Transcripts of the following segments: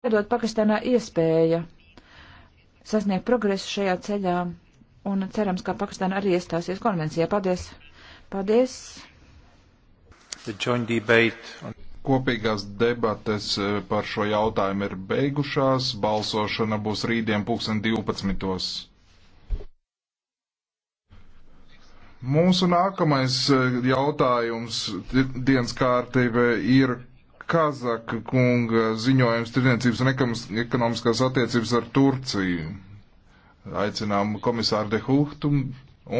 Iedot Pakistānā iespēja sasniegt progresu šajā ceļā un cerams, ka Pakistāna arī iestāsies konvencijā. Paldies! Paldies! On... Kopīgās debates eh, par šo jautājumu ir beigušās. Balsošana būs rītdien 2012. Mūsu nākamais eh, jautājums dienas kārtībā ir Kazaka kunga ziņojums tirdzniecības un ekonomiskās attiecības ar Turciju. Aicinām komisāru Dehūhtu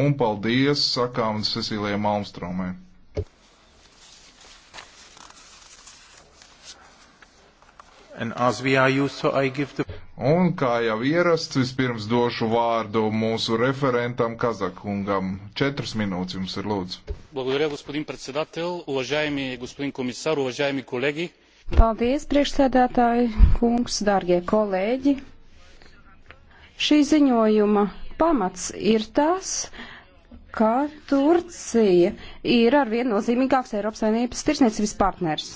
un paldies sakām Cecilijai Malmstromai. The... Un kā jau ierasts, vispirms došu vārdu mūsu referentam Kazakungam. Četras minūtes jums ir lūdzu. Благодаря, господин председател, уважаеми господин комисар, уважаеми колеги. Paldies, priekšsēdētāji, kungs, dārgie kolēģi. Šī ziņojuma pamats ir tas, ka Turcija ir arvien nozīmīgāks Eiropas Savienības tirsniecības partners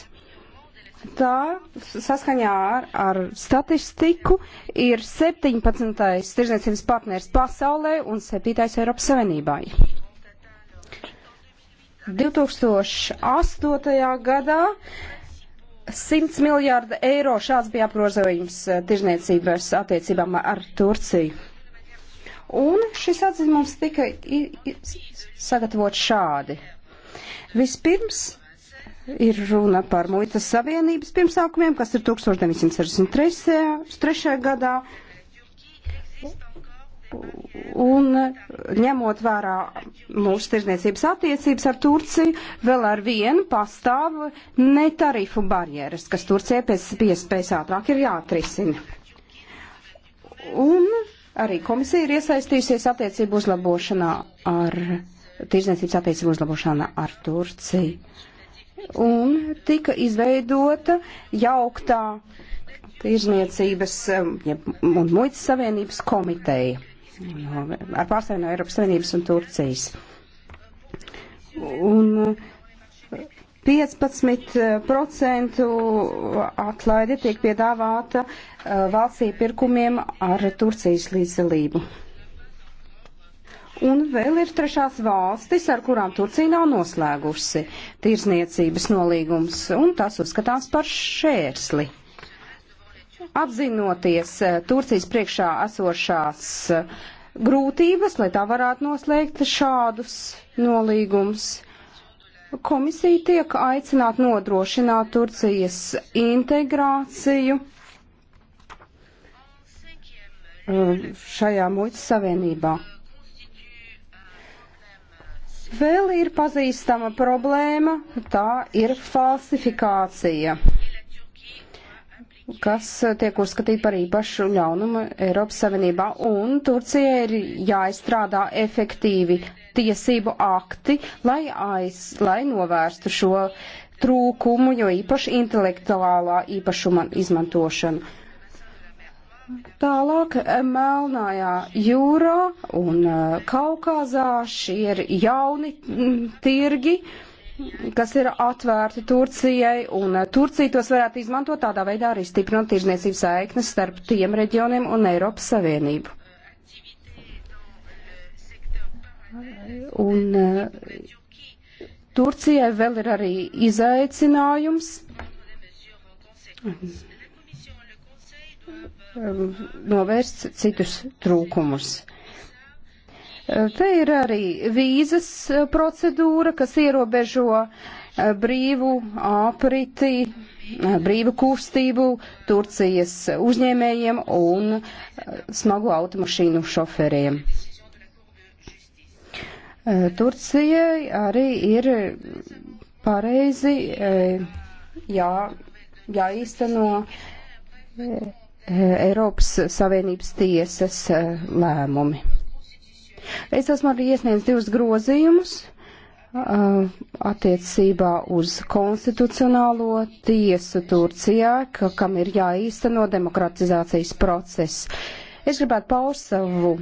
tā saskaņā ar, ar statistiku ir 17. tirzniecības partners pasaulē un 7. Eiropas Savienībā. 2008. gadā 100 miljārda eiro šāds bija apgrozījums eh, tirzniecības attiecībām ar Turciju. Un šis atzinums tika sagatavots šādi. Vispirms ir runa par muitas savienības pirmsākumiem, kas ir 1963. gadā. Un ņemot vērā mūsu tirzniecības attiecības ar Turciju, vēl ar vienu pastāv netarifu barjeras, kas Turcijai pēc iespējas ātrāk ir jāatrisina. Un arī komisija ir iesaistījusies attiecību uzlabošanā ar tirzniecības attiecību uzlabošanā ar Turciju un tika izveidota jauktā tirzniecības um, un ja, muitas savienības komiteja no, ar pārstāvjiem no Eiropas Savienības un Turcijas. Un 15% uh, uh, atlaide tiek piedāvāta uh, valstī pirkumiem ar Turcijas līdzdalību. Un vēl ir trešās valstis, ar kurām Turcija nav noslēgusi tirsniecības nolīgums, un tas uzskatās par šērsli. Apzinoties eh, Turcijas priekšā esošās eh, grūtības, lai tā varētu noslēgt šādus nolīgumus, komisija tiek aicināt nodrošināt Turcijas integrāciju eh, šajā muitas savienībā. Vēl ir pazīstama problēma, tā ir falsifikācija, kas tiek uzskatīta par īpašu ļaunumu Eiropas Savienībā, un Turcijai ir jāizstrādā efektīvi tiesību akti, lai, aiz, lai novērstu šo trūkumu, jo īpaši intelektuālā īpašuma izmantošanu. Tālāk eh, Melnājā jūrā un eh, Kaukazā šie ir jauni mm, tirgi, kas ir atvērti Turcijai, un eh, Turcija tos varētu izmantot tādā veidā arī stiprinot tirzniecības saiknes starp tiem reģioniem un Eiropas Savienību. Un Turcijai vēl ir arī izaicinājums Um, novērst citus trūkumus. Uh, te ir arī vīzas uh, procedūra, kas ierobežo uh, brīvu apriti, brīvu kustību Turcijas uzņēmējiem un smagu automašīnu šoferiem. Turcijai arī ir pareizi jā, jāīsteno Eh, Eiropas Savienības tiesas eh, lēmumi. Es esmu arī iesniedzis divus grozījumus eh, attiecībā uz konstitucionālo tiesu Turcijā, ka, kam ir jāīsteno demokratizācijas process. Es gribētu paust savu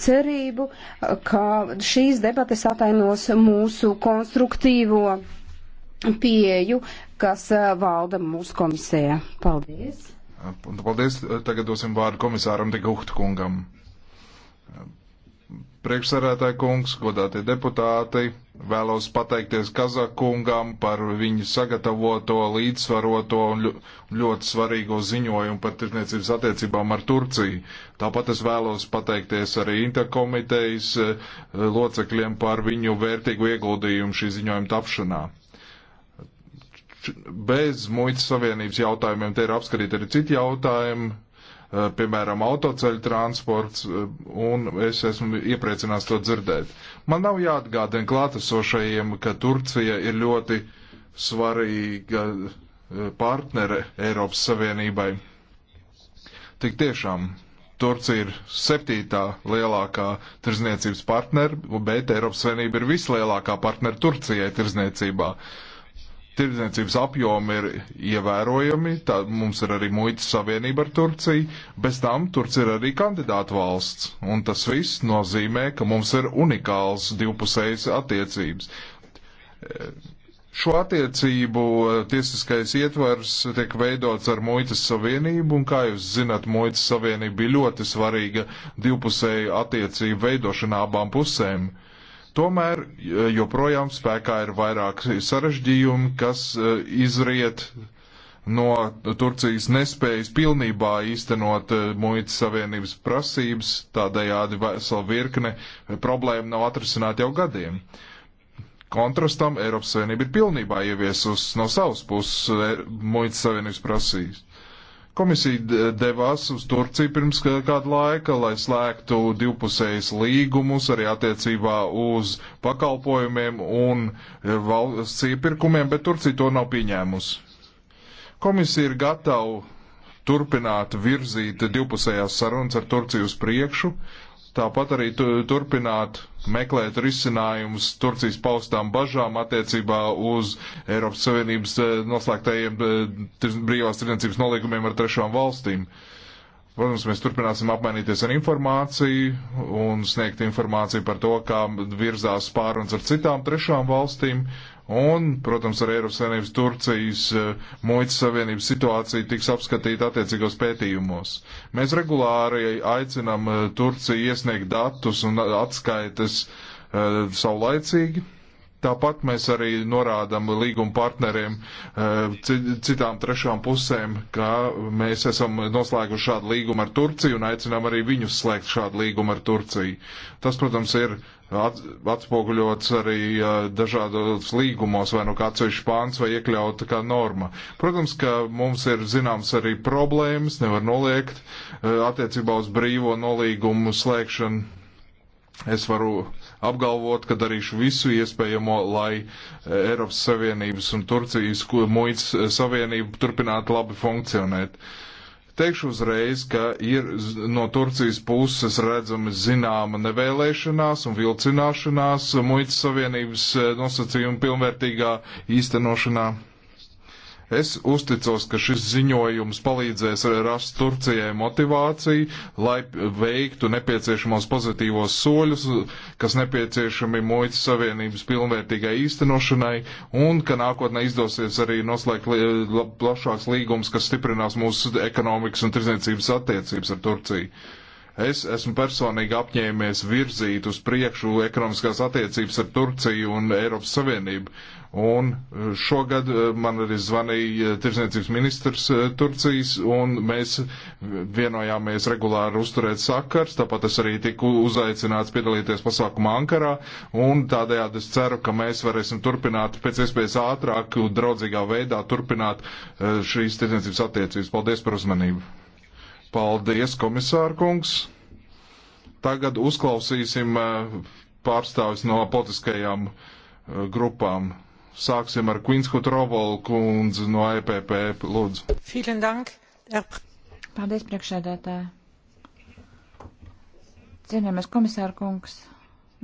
cerību, ka šīs debates atainos mūsu konstruktīvo pieju kas eh, valda mūsu komisijā. Paldies! Paldies! Tagad dosim vārdu komisāram Digūhta kungam. Priekšsarētāji kungs, godātie deputāti, vēlos pateikties Kazakungam par viņu sagatavoto, līdzsvaroto un ļoti svarīgo ziņojumu par tirdzniecības attiecībām ar Turciju. Tāpat es vēlos pateikties arī interkomitejas eh, locekļiem par viņu vērtīgu ieguldījumu šī ziņojuma tapšanā bez muitas savienības jautājumiem te ir apskatīti arī citi jautājumi, eh, piemēram, autoceļu transports, eh, un es esmu iepriecināts to dzirdēt. Man nav jāatgādina klātesošajiem, ka Turcija ir ļoti svarīga eh, partnere Eiropas Savienībai. Tik tiešām Turcija ir septītā lielākā tirzniecības partneri, bet Eiropas Savienība ir vislielākā partneri Turcijai tirzniecībā. Uh, tirdzniecības apjomi ir ievērojami, tā mums ir arī muitas savienība ar Turciju, bez tam Turcija ir arī kandidāta valsts, un tas viss nozīmē, ka mums ir unikāls divpusējas attiecības. Šo attiecību eh, tiesiskais ietvers tiek veidots ar muitas savienību, un kā jūs zināt, muitas savienība bija ļoti svarīga divpusēju attiecību veidošanā abām pusēm. Uh, Tomēr eh, joprojām spēkā ir vairāk sarežģījumi, kas eh, izriet no Turcijas nespējas pilnībā īstenot eh, muitas savienības prasības, tādējādi vesela virkne problēma nav atrisināta jau gadiem. Kontrastam Eiropas Savienība ir pilnībā ieviesus no savas puses muitas savienības prasības. Komisija devās uz Turciju pirms kādu laiku, lai slēgtu divpusējas līgumus arī attiecībā uz pakalpojumiem un valsts iepirkumiem, bet Turcija to nav pieņēmusi. Komisija ir gatava turpināt virzīt divpusējās sarunas ar Turciju uz priekšu, Tāpat arī turpināt meklēt risinājumus Turcijas paustām bažām attiecībā uz Eiropas Savienības eh, noslēgtajiem eh, brīvās tirdzniecības nolīgumiem ar trešām valstīm. Protams, mēs turpināsim apmainīties ar informāciju un sniegt informāciju par to, kā virzās pārunas ar citām trešām valstīm. Uh, Un, protams, ar Eiropas Savienības Turcijas eh, muitas savienības situāciju tiks apskatīta attiecīgos pētījumos. Mēs regulāri aicinām eh, Turciju iesniegt datus un atskaites uh, saulaicīgi. Tāpat mēs arī norādām līguma partneriem, citām trešām pusēm, ka mēs esam noslēguši šādu līgumu ar Turciju un aicinām arī viņus slēgt šādu līgumu ar Turciju. Tas, protams, ir atspoguļots arī dažādos līgumos, vai nu kā atsevišķi pāns, vai iekļauta kā norma. Protams, ka mums ir zināms arī problēmas, nevar noliegt, eh, attiecībā uz brīvo nolīgumu slēgšanu. Es varu apgalvot, ka darīšu visu iespējamo, lai eh, Eiropas Savienības un Turcijas muitas eh, savienība turpinātu labi funkcionēt. Uh, Teikšu uzreiz, ka ir no Turcijas puses redzama zināma nevēlēšanās un vilcināšanās muitas savienības eh, nosacījumu pilnvērtīgā īstenošanā. Es uzticos, ka šis ziņojums palīdzēs rast Turcijai motivāciju, lai veiktu nepieciešamos pozitīvos soļus, kas nepieciešami muitas savienības pilnvērtīgai īstenošanai, un ka nākotnē izdosies arī noslēgt plašāks līgums, kas stiprinās mūsu ekonomikas un tirdzniecības attiecības ar Turciju. Es esmu personīgi apņēmies virzīt uz priekšu ekonomiskās attiecības ar Turciju un Eiropas Savienību. Un e, šogad e, man arī zvanīja e, tirsniecības ministrs Turcijas, un mēs vienojāmies regulāri uzturēt sakars, tāpat es arī tiku uzaicināts piedalīties pasākumā Ankarā, un tādējādi es ceru, ka mēs varēsim turpināt pēc iespējas ātrāk, draudzīgā veidā turpināt šīs tirsniecības attiecības. Paldies par uzmanību! Paldies, komisārkungs. Tagad uzklausīsim eh, pārstāvis no politiskajām eh, grupām. Sāksim ar Queenskut Rovolu kundzi no EPP, lūdzu. Paldies, priekšsēdētāji. Cienījamies komisārkungs,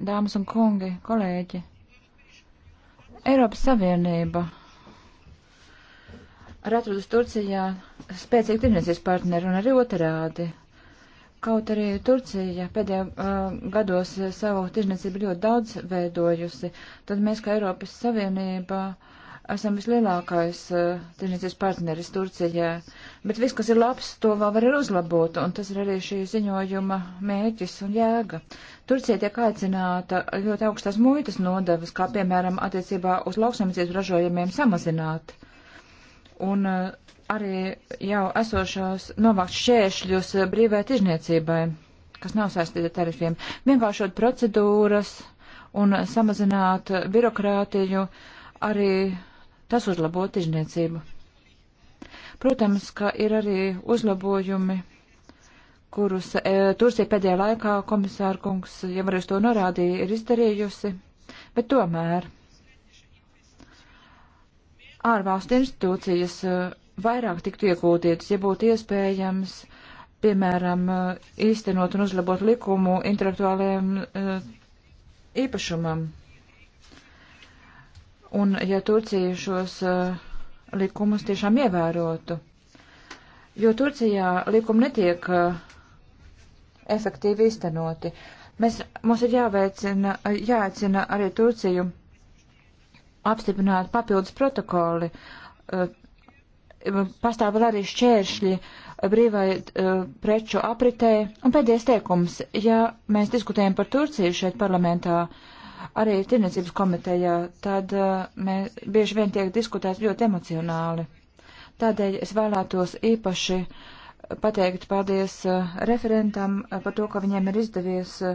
dāmas un kungi, kolēģi. Eiropas Savienība ir atradusi Turcijā spēcīgi tirniecības partneri un arī otrādi. Kaut arī Turcija pēdējā uh, gados savu tirzniecību ļoti daudz veidojusi, tad mēs kā Eiropas Savienība esam vislielākais uh, tirzniecības partneris Turcijā. Bet viss, kas ir labs, to vēl var arī uzlabot, un tas ir arī šī ziņojuma mēķis un jēga. Turcija tiek aicināta ļoti augstas muitas nodevas, kā piemēram attiecībā uz lauksaimniecības ražojumiem samazināt. Uh, un eh, arī jau esošos novākt šķēršļus eh, brīvai tirzniecībai, kas nav saistīta ar tarifiem, vienkāršot procedūras un eh, samazināt birokrātiju, arī tas uzlabo tirzniecību. Protams, ka ir arī uzlabojumi, kurus e, Turcija pēdējā laikā komisārkungs, ja varēs to norādīja, ir izdarījusi, bet tomēr ārvalstu institūcijas eh, vairāk tiktu iegūtītas, ja būtu iespējams, piemēram, eh, īstenot un uzlabot likumu intelektuālajiem eh, īpašumam. Un ja Turcija šos likumus tiešām ievērotu, jo Turcijā likumi netiek efektīvi īstenoti. Mēs, mums ir jāveicina, jāaicina arī Turciju apstiprināt papildus protokoli. Eh, pastāv vēl arī šķēršļi brīvai eh, preču apritē. Un pēdējais teikums, ja mēs diskutējam par Turciju šeit parlamentā, arī tirniecības komitejā, tad eh, mēs bieži vien tiek diskutēts ļoti emocionāli. Tādēļ es vēlētos īpaši pateikt paldies referentam par to, ka viņiem ir izdevies uh,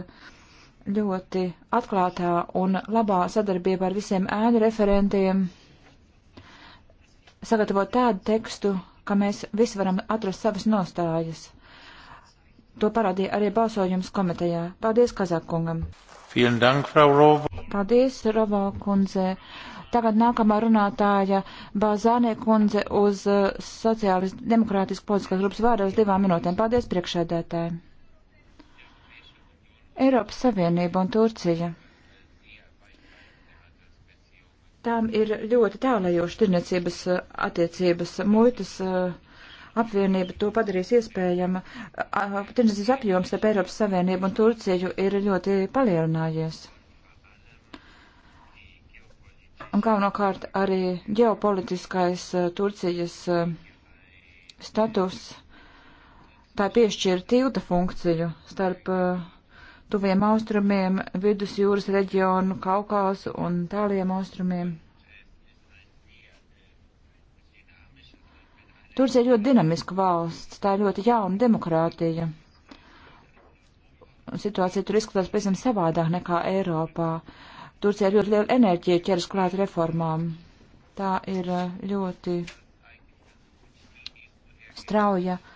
ļoti atklātā un labā sadarbībā ar visiem ēnu referentiem sagatavot tādu tekstu, ka mēs visi varam atrast savas nostājas. To parādīja arī balsojums komitejā. Paldies Kazakungam! Dank, Paldies, Rovā kundze! Tagad nākamā runātāja Bāzānē kundze uz eh, sociālistu demokrātisku politiskās grupas vārdā uz divām minūtēm. Paldies priekšēdētājiem! Eiropas Savienība un Turcija. Tām ir ļoti tālajoši tirniecības eh, attiecības. Muitas eh, apvienība to padarīs iespējama. Tirniecības apjoms starp Eiropas Savienību un Turciju ir ļoti palielinājies. Un galvenokārt arī ģeopolitiskais eh, Turcijas status tā piešķir tilta funkciju starp uh, tuviem austrumiem, vidusjūras reģionu, Kaukāsu un tāliem austrumiem. Turcija ir ļoti dinamiska valsts, tā ir ļoti jauna demokrātija. Situācija tur izskatās pēc tam savādāk nekā Eiropā. Turcija ir ļoti liela enerģija ķeras klāt reformām. Tā ir eh, ļoti strauja. Uh,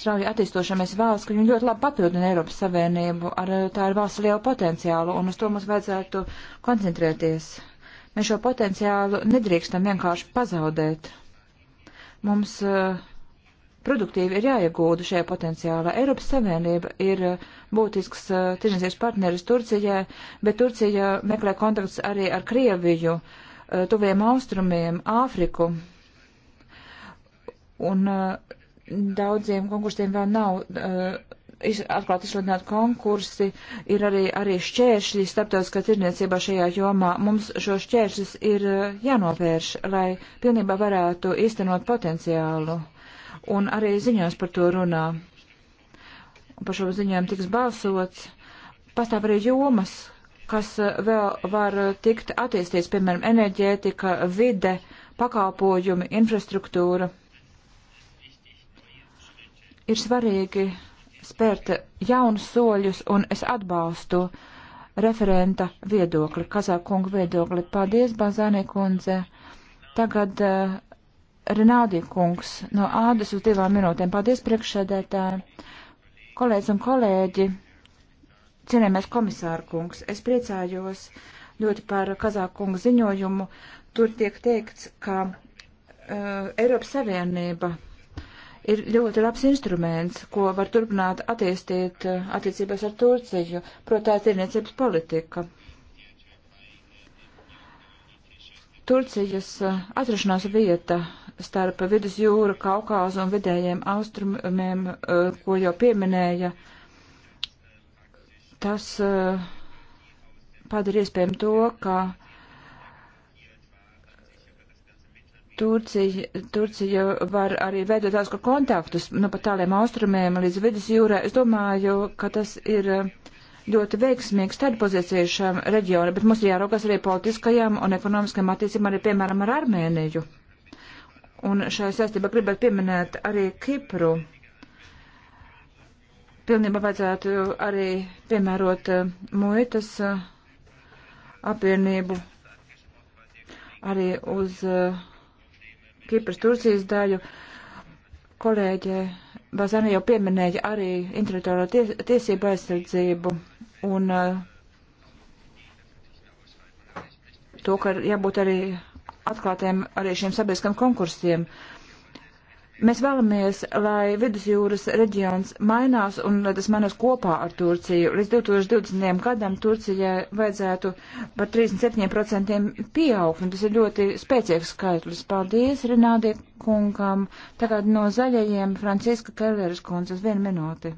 strauji attīstošamies valsts, ka viņi ļoti labi papildina Eiropas Savienību, ar eh, tā ir valsts lielu potenciālu, un uz to mums vajadzētu koncentrēties. Mēs šo potenciālu nedrīkstam vienkārši pazaudēt. Mums uh, produktīvi ir jāiegūda šajā potenciālā. Eiropas Savienība ir uh, būtisks uh, tirzniecības partneris Turcijai, bet Turcija meklē kontakts arī ar Krieviju, tuviem austrumiem, Āfriku. Un uh, daudziem konkursiem vēl nav uh, iz, atklāti izsludināti konkursi, ir arī, arī šķēršļi starptautiskā tirniecībā šajā jomā. Mums šo šķēršļus ir uh, jānovērš, lai pilnībā varētu īstenot potenciālu. Un arī ziņās par to runā. Un par šo ziņojumu tiks balsots. Pastāv arī jomas, kas uh, vēl var tikt attīstīts, piemēram, enerģētika, vide, pakalpojumi, infrastruktūra. Ir svarīgi spērt jaunus soļus, un es atbalstu referenta viedokli, Kazākungu viedokli. Paldies, Bazānī kundze. Tagad uh, eh, Renaldī kungs no ādas uz divām minūtēm. Paldies, priekšsēdētāji. Kolēģis un kolēģi, cienējamies komisāru kungs, es priecājos ļoti par Kazākungu ziņojumu. Tur tiek teikts, ka uh, Eiropas Savienība ir ļoti labs instruments, ko var turpināt attīstīt eh, attiecībās ar Turciju, proti tā ir tirniecības politika. Turcijas eh, atrašanās vieta starp vidusjūru, Kaukāzu un vidējiem austrumiem, eh, ko jau pieminēja, tas padara iespējami to, ka Turcija, Turcija var arī veidot tās kontaktus nu, pa tāliem austrumiem līdz vidus jūrā. Es domāju, ka tas ir eh, ļoti veiksmīgs tad pozīcijas šām reģionam, bet mums ir jāraugās arī politiskajām un ekonomiskajām attiecībām arī, piemēram, ar Armēniju. Un šajā saistībā gribētu pieminēt arī Kipru. Pilnībā vajadzētu arī piemērot eh, muitas eh, apvienību arī uz uh, Kipras Turcijas daļu. Kolēģe Bazana jau pieminēja arī intelektuālo ties, tiesību aizsardzību un uh, to, ka jābūt arī atklātiem arī šiem sabiedriskiem konkursiem. Uh, Mēs vēlamies, lai vidusjūras reģions mainās un lai tas mainās kopā ar Turciju. Līdz 2020. gadam Turcijai vajadzētu par 37% pieaugt, un tas ir ļoti spēcīgs skaitlis. Paldies Rinādie kungam. Tagad no zaļajiem Franciska Kelleres kundzes vienu minūti.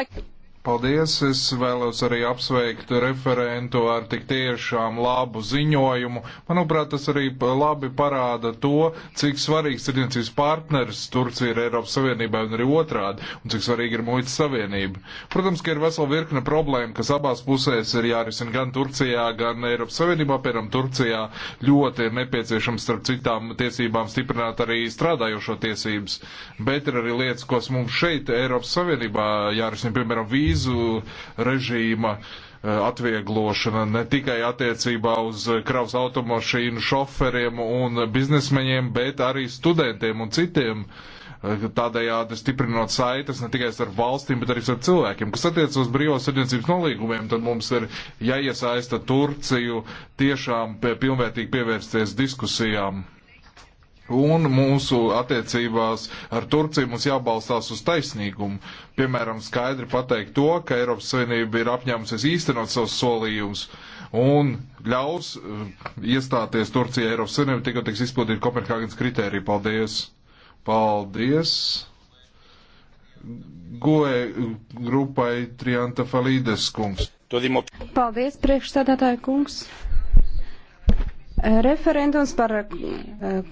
Like paldies. Es vēlos arī apsveikt referentu ar tik tiešām labu ziņojumu. Manuprāt, tas arī labi parāda to, cik svarīgs tirdzniecības partners Turcija ir Eiropas Savienībā un arī otrādi, un cik svarīga ir muitas savienība. Protams, ka ir vesela virkne problēma, kas abās pusēs ir jārisina gan Turcijā, gan Eiropas Savienībā. Piemēram, Turcijā ļoti ir nepieciešams starp citām tiesībām stiprināt arī strādājošo tiesības, bet ir arī lietas, kas mums šeit Eiropas Savienībā jārisina, piemēram, vīzu vīzu režīma eh, atvieglošana ne tikai attiecībā uz kravas automašīnu šoferiem un biznesmeņiem, bet arī studentiem un citiem uh, tādējādi stiprinot saites ne tikai ar valstīm, bet arī ar cilvēkiem. Kas attiecas uz brīvās sadardzības nolīgumiem, tad mums ir jāiesaista Turciju tiešām pilnvērtīgi pievērsties diskusijām Un mūsu attiecībās ar Turciju mums jābalstās uz taisnīgumu. Piemēram, skaidri pateikt to, ka Eiropas Savienība ir apņēmusies īstenot savus solījumus un ļaus eh, iestāties Turcijai Eiropas Savienībai, tikko tiks izpildīt Kopenhāgenes kritēriju. Paldies! Paldies! Goe grupai Trianta Falīdes kungs. Paldies, priekšsēdētāja kungs! Referendums par eh,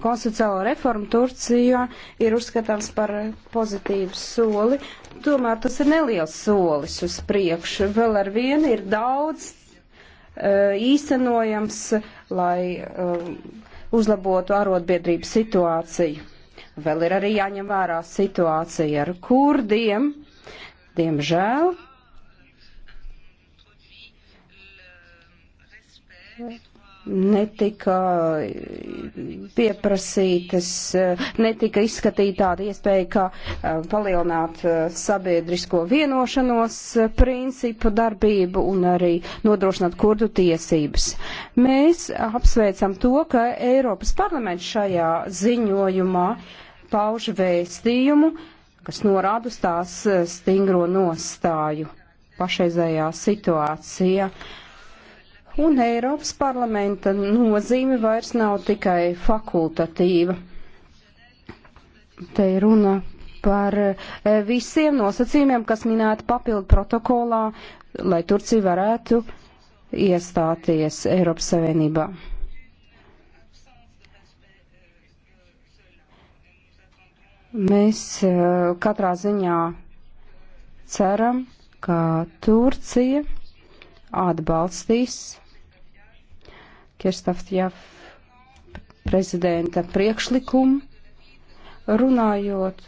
konstitucionālo reformu Turcijā ir uzskatāms par pozitīvu soli, tomēr tas ir neliels solis uz priekšu. Vēl ar vienu ir daudz eh, īstenojams, lai eh, uzlabotu arotbiedrību situāciju. Vēl ir arī jāņem vērā situācija ar kurdiem. Diemžēl netika pieprasītas, netika izskatīta tāda iespēja, kā eh, palielināt eh, sabiedrisko vienošanos eh, principu darbību un arī nodrošināt kurdu tiesības. Mēs apsveicam to, ka Eiropas parlaments šajā ziņojumā pauž vēstījumu, kas norāda uz tās stingro nostāju pašreizējā situācija. Uh, un Eiropas parlamenta nozīme vairs nav tikai fakultatīva. Te ir runa par e, visiem nosacījumiem, kas minēti papildu protokolā, lai Turcija varētu iestāties Eiropas Savienībā. Mēs e, katrā ziņā ceram, ka Turcija atbalstīs Kirstafjaf prezidenta priekšlikumu, runājot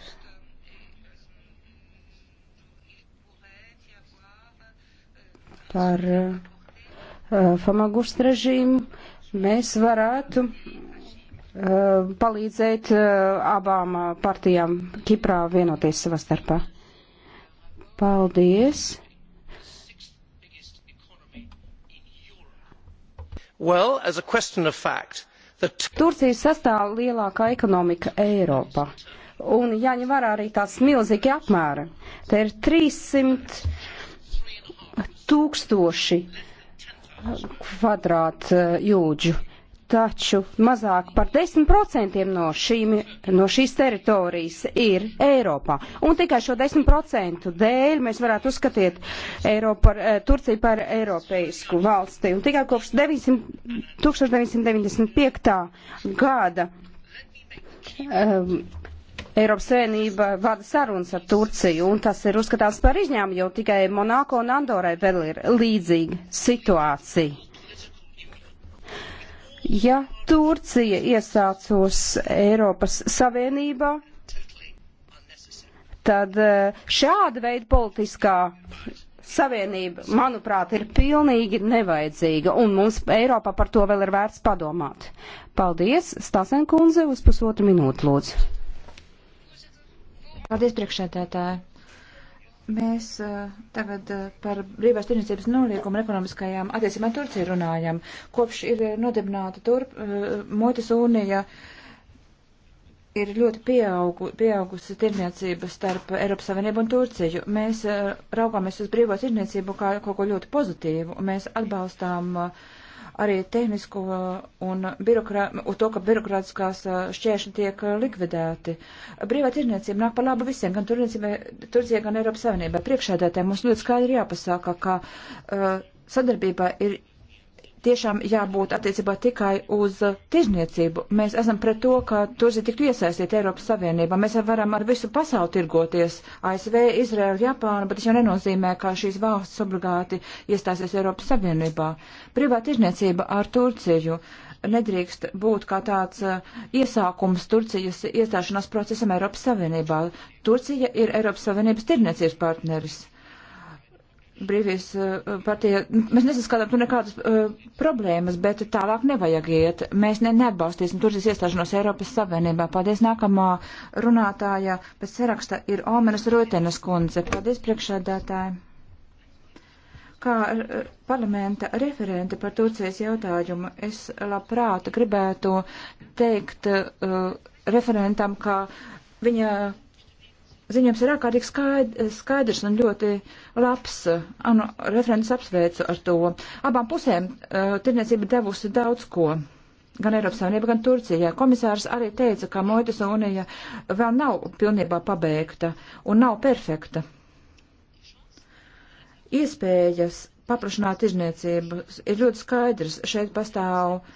par uh, eh, famagust režīmu, mēs varētu uh, palīdzēt uh, abām partijām Kiprā vienoties savā starpā. Paldies! Well, as a question of fact, the... Turcija sastāv lielākā ekonomika Eiropā. Un jāņem ja vērā arī tās milzīgi apmēra. Te ir 300 tūkstoši kvadrātjūdžu. Uh, taču mazāk par 10% no, šīm, no šīs teritorijas ir Eiropā. Un tikai šo 10% dēļ mēs varētu uzskatīt Eiropu par, eh, Turciju par Eiropeisku valsti. Un tikai kopš 900, 1995. gada um, Eiropas Savienība vada sarunas ar Turciju, un tas ir uzskatāms par izņēmumu, jo tikai Monako un Andorai vēl ir līdzīga situācija. Ja Turcija iesācos Eiropas Savienībā, tad e, šāda veida politiskā savienība, manuprāt, ir pilnīgi nevajadzīga, un mums Eiropā par to vēl ir vērts padomāt. Paldies, Stasenkundze, uz pusotru minūtu lūdzu. Paldies, priekšētētāji. Mēs uh, tagad uh, par brīvās tirdzniecības nolīgumu un ekonomiskajām attiecībām Turcija runājam. Kopš ir nodibināta turp, uh, eh, Motis Unija. Uh, ir ļoti pieaugu, pieaugusi tirniecība starp Eiropas Savienību un Turciju. Mēs uh, raugāmies uz brīvo tirniecību kā kaut ko ļoti pozitīvu, un mēs atbalstām uh, arī tehnisko eh, un, birokrā, un to, ka birokrātiskās šķēršļi tiek likvidēti. Brīvā tirniecība nāk par labu visiem, gan Turcijai, gan Eiropas Savienībai. Priekšēdētē mums ļoti skaidri jāpasaka, ka uh, sadarbībā ir tiešām jābūt attiecībā tikai uz tirzniecību. Mēs esam pret to, ka Turcija tiktu iesaistīta Eiropas Savienībā. Mēs varam ar visu pasauli tirgoties - ASV, Izraela, Japāna, bet tas jau nenozīmē, ka šīs valsts obligāti iestāsies Eiropas Savienībā. Privāta tirzniecība ar Turciju nedrīkst būt kā tāds uh, iesākums Turcijas iestāšanās procesam Eiropas Savienībā. Turcija ir Eiropas Savienības tirniecības partneris brīvīs eh, partija, mēs nesaskatām tur nekādas uh, problēmas, bet tālāk nevajag iet. Mēs ne, neatbalstīsim Turcijas iestāšanos Eiropas Savienībā. Paldies nākamā runātāja pēc saraksta ir Omenas Rotenas kundze. Paldies priekšādātāji. Kā uh, parlamenta referente par Turcijas jautājumu, es labprāt gribētu teikt uh, referentam, ka viņa ziņojums ir ārkārtīgi skaidrs, skaidrs un ļoti labs. Anu, referents apsveicu ar to. Abām pusēm uh, tirniecība devusi daudz ko. Gan Eiropas Savienība, gan Turcija. Komisārs arī teica, ka Moitas unija vēl nav pilnībā pabeigta un nav perfekta. Iespējas paplašināt izniecību ir ļoti skaidrs. Šeit pastāv uh,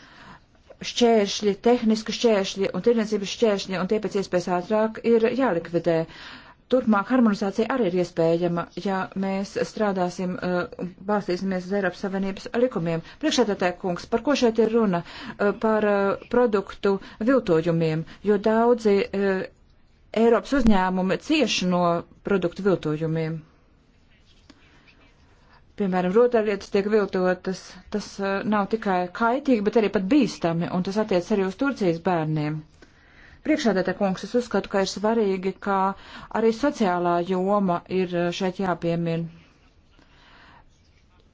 šķēršļi, tehniski šķēršļi un tirdzniecības šķēršļi, un tie pēc iespējas ātrāk ir jālikvidē turpmāk harmonizācija arī ir iespējama, ja mēs strādāsim, uh, balstīsimies uz Eiropas Savienības likumiem. Priekšētātāja kungs, par ko šeit ir runa? Uh, par uh, produktu viltojumiem, jo daudzi Eiropas uzņēmumi cieši no produktu viltojumiem. Piemēram, rotaļlietas tiek viltotas, tas nav tikai kaitīgi, bet arī pat bīstami, un tas attiec arī uz Turcijas bērniem. Uh, Priekšādātā kungs, es uzskatu, ka ir svarīgi, ka arī sociālā joma ir eh, šeit jāpiemin.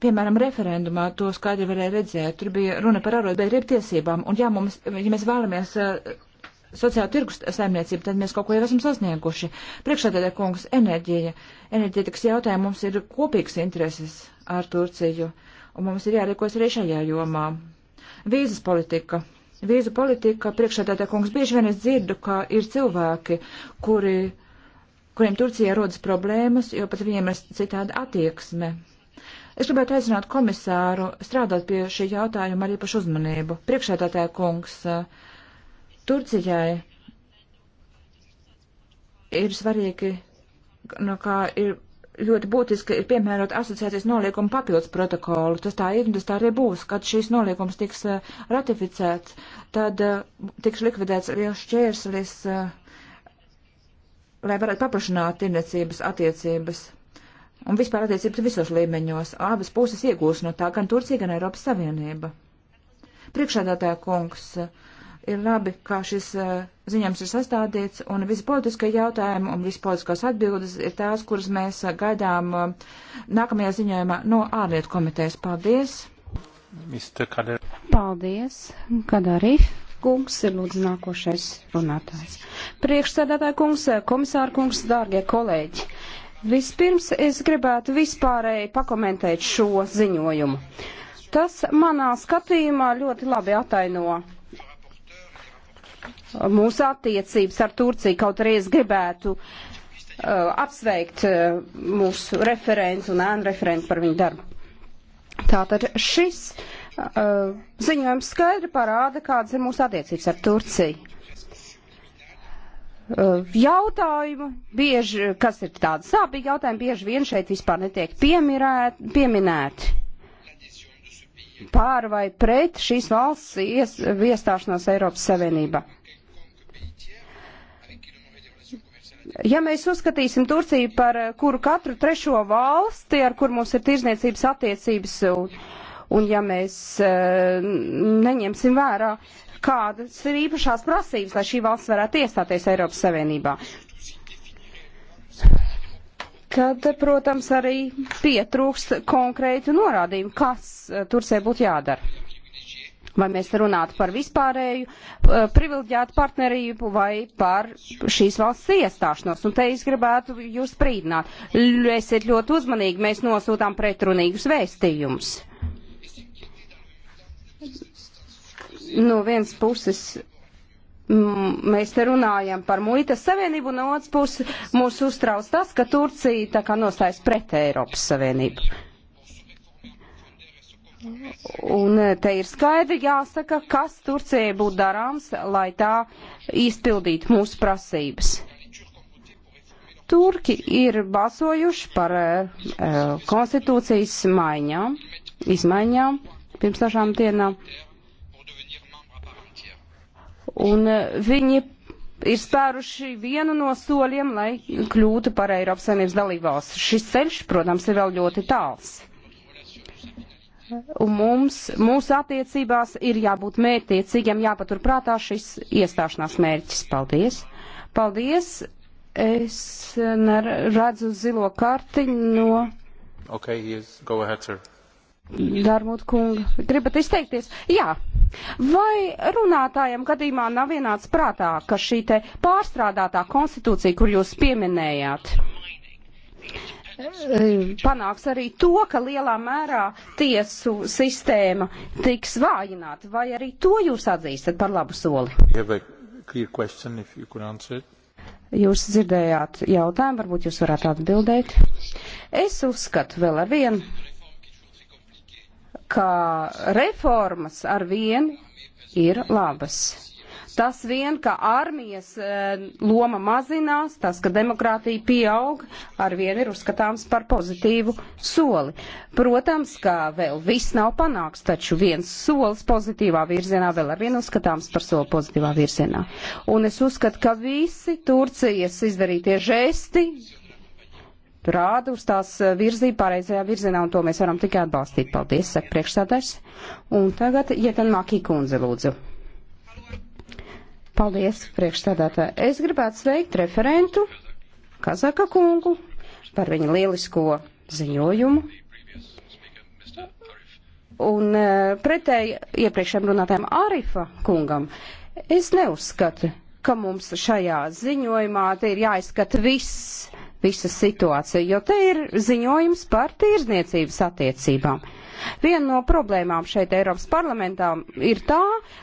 Piemēram, referendumā to skaidri varēja redzēt. Tur bija runa par arotbiedrību tiesībām. Un jā, mums, ja mēs vēlamies eh, sociāla tirgus saimniecību, tad mēs kaut ko jau esam sasnieguši. Priekšādātā kungs, enerģija, enerģētikas jautājumi mums ir kopīgs intereses ar Turciju, un mums ir jārīkojas arī šajā jomā. Vīzas politika vīzu politika, priekšādātā kungs, bieži vien es dzirdu, ka ir cilvēki, kuri, kuriem Turcijā rodas problēmas, jo pat viņiem ir citāda attieksme. Es gribētu aicināt komisāru strādāt pie šī jautājuma arī pašu uzmanību. Priekšādātā kungs, Turcijai ir svarīgi, no nu, kā ir ļoti būtiski ir piemērot asociācijas noliekuma papildus protokolu. Tas tā ir un tas tā arī būs. Kad šīs noliekums tiks eh, ratificēts, tad eh, tiks likvidēts liels šķērslis, eh, lai varētu paplašināt tirniecības attiecības. Un vispār attiecības visos līmeņos. Abas puses iegūs no tā gan Turcija, gan Eiropas Savienība. Priekšādātāja kungs. Uh, ir labi, kā šis uh, ziņojums ir sastādīts, un visi politiskie jautājumi un visi politiskās atbildes ir tās, kuras mēs uh, gaidām uh, nākamajā ziņojumā no ārlietu komitejas. Paldies! Kader. Paldies, Kadarī! Kungs ir lūdzu nākošais runātājs. Priekšsēdētāja kungs, komisāra kungs, dārgie kolēģi! Vispirms es gribētu vispārēji pakomentēt šo ziņojumu. Tas manā skatījumā ļoti labi ataino mūsu attiecības ar Turciju, kaut arī es gribētu uh, apsveikt uh, mūsu referents un ēnu referentu par viņu darbu. Tātad šis uh, ziņojums skaidri parāda, kādas ir mūsu attiecības ar Turciju. Uh, jautājumu, bieži, kas ir tādi sāpīgi jautājumi, bieži vien šeit vispār netiek piemirēt, pieminēti pār vai pret šīs valsts ies, iestāšanos Eiropas Savienībā. Ja mēs uzskatīsim Turciju par eh, kuru katru trešo valsti, ar kur mums ir tirzniecības attiecības, un, un ja mēs uh, neņemsim vērā, kādas ir īpašās prasības, lai šī valsts varētu iestāties Eiropas Savienībā, kad, eh, protams, arī pietrūkst konkrētu norādījumu, kas Turcijai būtu jādara vai mēs runātu par vispārēju uh, privileģētu partnerību vai par šīs valsts iestāšanos. Un te es gribētu jūs brīdināt. Esiet ļoti uzmanīgi, mēs nosūtām pretrunīgus vēstījumus. No vienas puses mēs te runājam par muitas savienību, no otras puses mūs uztrauc tas, ka Turcija tā kā nostājas pret Eiropas Savienību. Un eh, te ir skaidri jāsaka, kas Turcijai būtu darāms, lai tā izpildītu mūsu prasības. Turki ir balsojuši par uh, konstitūcijas maiņām, izmaiņām pirms dažām dienām. Un uh, viņi ir spēruši vienu no soļiem, lai kļūtu par Eiropas Savienības dalībvalsts. Šis ceļš, protams, ir vēl ļoti tāls. Un mums, mūsu attiecībās ir jābūt mērķtiecīgiem, jāpaturprātā šis iestāšanās mērķis. Paldies! Paldies! Es redzu zilo kartiņu no. Ok, yes, go ahead, sir. Darmut kunga, gribat izteikties? Jā. Vai runātājiem gadījumā nav vienāds prātā, ka šī te pārstrādātā konstitūcija, kur jūs pieminējāt, Eh, panāks arī to, ka lielā mērā tiesu sistēma tiks vājināta, vai arī to jūs atzīstat par labu soli? Jūs dzirdējāt jautājumu, varbūt jūs varētu atbildēt. Es uzskatu vēl ar vienu, ka reformas ar vienu ir labas Tas vien, ka armijas e, loma mazinās, tas, ka demokrātija pieaug, arvien ir uzskatāms par pozitīvu soli. Protams, ka vēl viss nav panāks, taču viens solis pozitīvā virzienā vēl arvien uzskatāms par soli pozitīvā virzienā. Un es uzskatu, ka visi Turcijas izdarītie žesti rāda uz tās e, virzību pareizajā virzienā, un to mēs varam tikai atbalstīt. Paldies, saka priekšstādājs. Un tagad, ja ten mākī kundze, lūdzu. Paldies, priekšstādātā. Es gribētu sveikt referentu Kazaka kungu par viņa lielisko ziņojumu. Un e, pretēji iepriekšējiem runātājiem Arifa kungam, es neuzskatu, ka mums šajā ziņojumā te ir jāizskata viss, visa situācija, jo te ir ziņojums par tirzniecības attiecībām. Viena no problēmām šeit Eiropas parlamentā ir tā,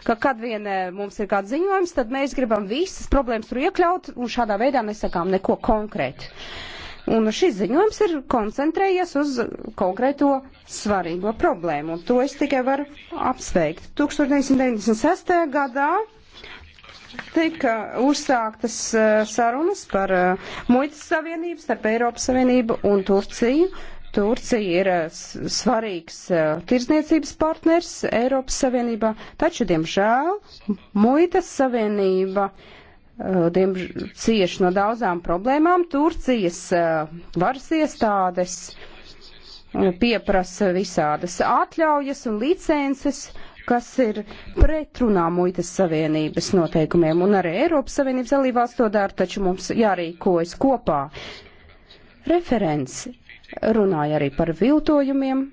ka kad vien eh, mums ir kāds ziņojums, tad mēs gribam visas problēmas tur iekļaut un šādā veidā nesakām neko konkrētu. Un šis ziņojums ir koncentrējies uz konkrēto svarīgo problēmu, un to es tikai varu apsveikt. 1996. gadā tika uzsāktas uh, sarunas par uh, muitas savienību starp Eiropas Savienību un Turciju, Turcija ir eh, svarīgs eh, tirzniecības partners Eiropas Savienībā, taču, diemžēl, muitas savienība eh, diemž, cieši no daudzām problēmām. Turcijas varas iestādes pieprasa visādas atļaujas un licences, kas ir pretrunā muitas savienības noteikumiem, un arī Eiropas Savienības dalībās to dara, taču mums jārīkojas kopā. Referents runāja arī par viltojumiem,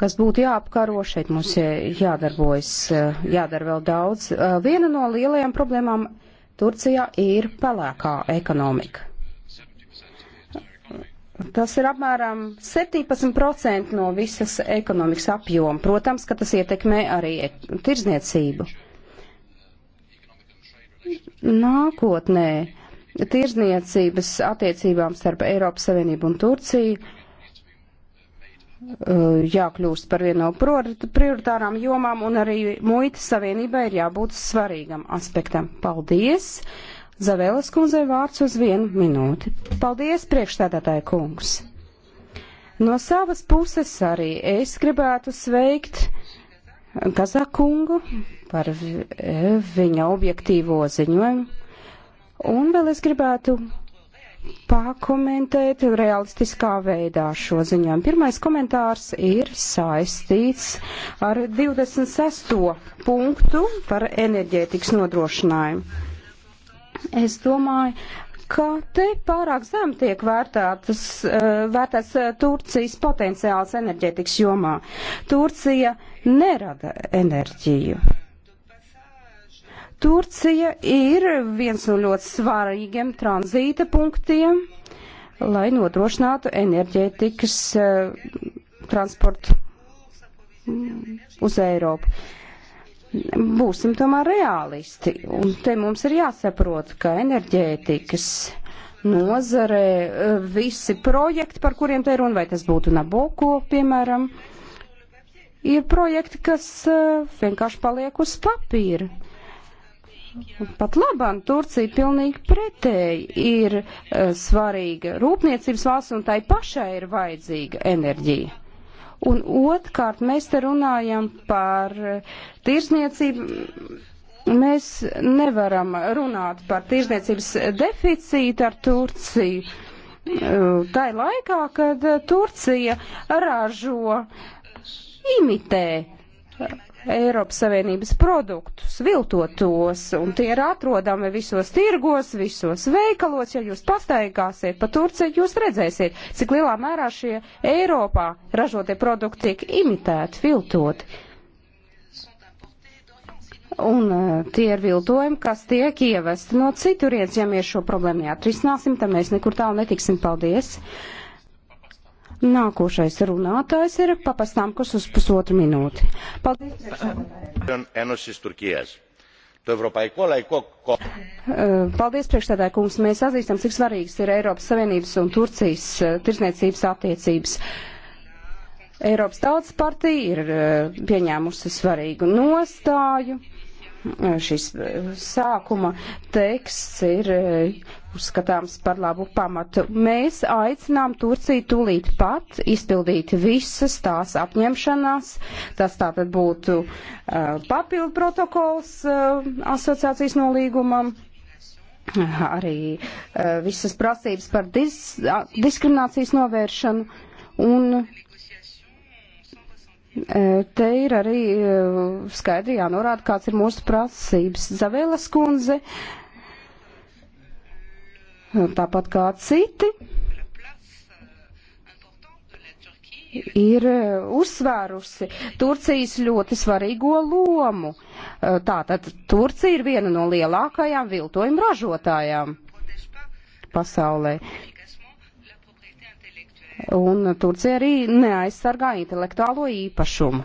kas būtu jāapkaro. Šeit mums jādarbojas, eh, jādara vēl daudz. Eh, viena no lielajām problēmām Turcijā ir pelēkā ekonomika. Tas ir apmēram 17% no visas ekonomikas apjoma. Protams, ka tas ietekmē arī tirzniecību. Nākotnē tirzniecības attiecībām starp Eiropas Savienību un Turciju eh, jākļūst par vienu no prioritārām jomām, un arī muitas savienībai ir jābūt svarīgam aspektam. Paldies! Zavēles kundzei vārds uz vienu minūti. Paldies, priekšstādātāja kungs! No savas puses arī es gribētu sveikt Kazakungu par eh, viņa objektīvo ziņojumu Un vēl es gribētu pakomentēt realistiskā veidā šo ziņām. Pirmais komentārs ir saistīts ar 26. punktu par enerģētikas nodrošinājumu. Es domāju, ka te pārāk zem tiek vērtētas, eh, vērtēts eh, Turcijas potenciāls enerģētikas jomā. Turcija nerada enerģiju Turcija ir viens no ļoti svarīgiem tranzīta punktiem, lai nodrošinātu enerģētikas uh, transportu mm, uz Eiropu. Būsim tomēr realisti, un te mums ir jāsaprot, ka enerģētikas nozare, uh, visi projekti, par kuriem te runa, vai tas būtu Naboko, piemēram, ir projekti, kas uh, vienkārši paliek uz papīra Pat labam Turcija pilnīgi pretēji ir uh, svarīga rūpniecības valsts un tai pašai ir vajadzīga enerģija. Un otrkārt, mēs te runājam par eh, tirsniecību. Mēs nevaram runāt par tirsniecības deficītu ar Turciju. Eh, Tā ir laikā, kad Turcija ražo, imitē Eiropas Savienības produktus, viltotos, un tie ir atrodami visos tirgos, visos veikalos. Ja jūs pastaigāsiet pa Turciju, jūs redzēsiet, cik lielā mērā šie Eiropā ražotie produkti tiek imitēti, viltoti. Un uh, tie ir viltojumi, kas tiek ievesti no citurienes. Ja mēs šo problēmu neatrisināsim, tad mēs nekur tālu netiksim. Paldies! Uh, Nākošais runātājs ir papastām, kas uz pusotru minūti. Paldies. Eh, paldies, priekšstādāja kungs. Mēs atzīstam, cik svarīgs ir Eiropas Savienības un Turcijas eh, tirsniecības attiecības. Eiropas Tautas partija ir eh, pieņēmusi svarīgu nostāju šis eh, sākuma teksts ir eh, uzskatāms par labu pamatu. Mēs aicinām Turciju tūlīt pat izpildīt visas tās apņemšanās. Tas tātad būtu uh, papildu protokols uh, asociācijas nolīgumam. Arī uh, visas prasības par dis, uh, diskriminācijas novēršanu un Te ir arī skaidri jānorāda, kāds ir mūsu prasības. Zavēlas kundze, tāpat kā citi, ir uzsvērusi Turcijas ļoti svarīgo lomu. Tātad Turcija ir viena no lielākajām viltojuma ražotājām pasaulē. Un Turcija arī neaizsargā intelektuālo īpašumu.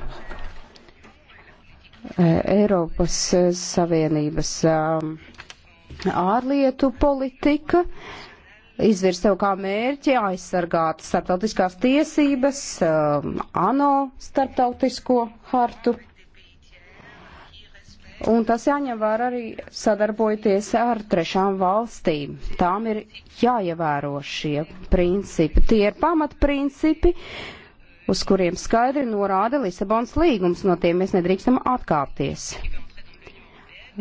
E, Eiropas Savienības um, ārlietu politika izvirs sev kā mērķi aizsargāt starptautiskās tiesības, um, ANO starptautisko hartu. Un tas jāņem vērā arī sadarbojoties ar trešām valstīm. Tām ir jāievēro šie principi. Tie ir pamatprincipi, uz kuriem skaidri norāda Lisabons līgums. No tiem mēs nedrīkstam atkāpties.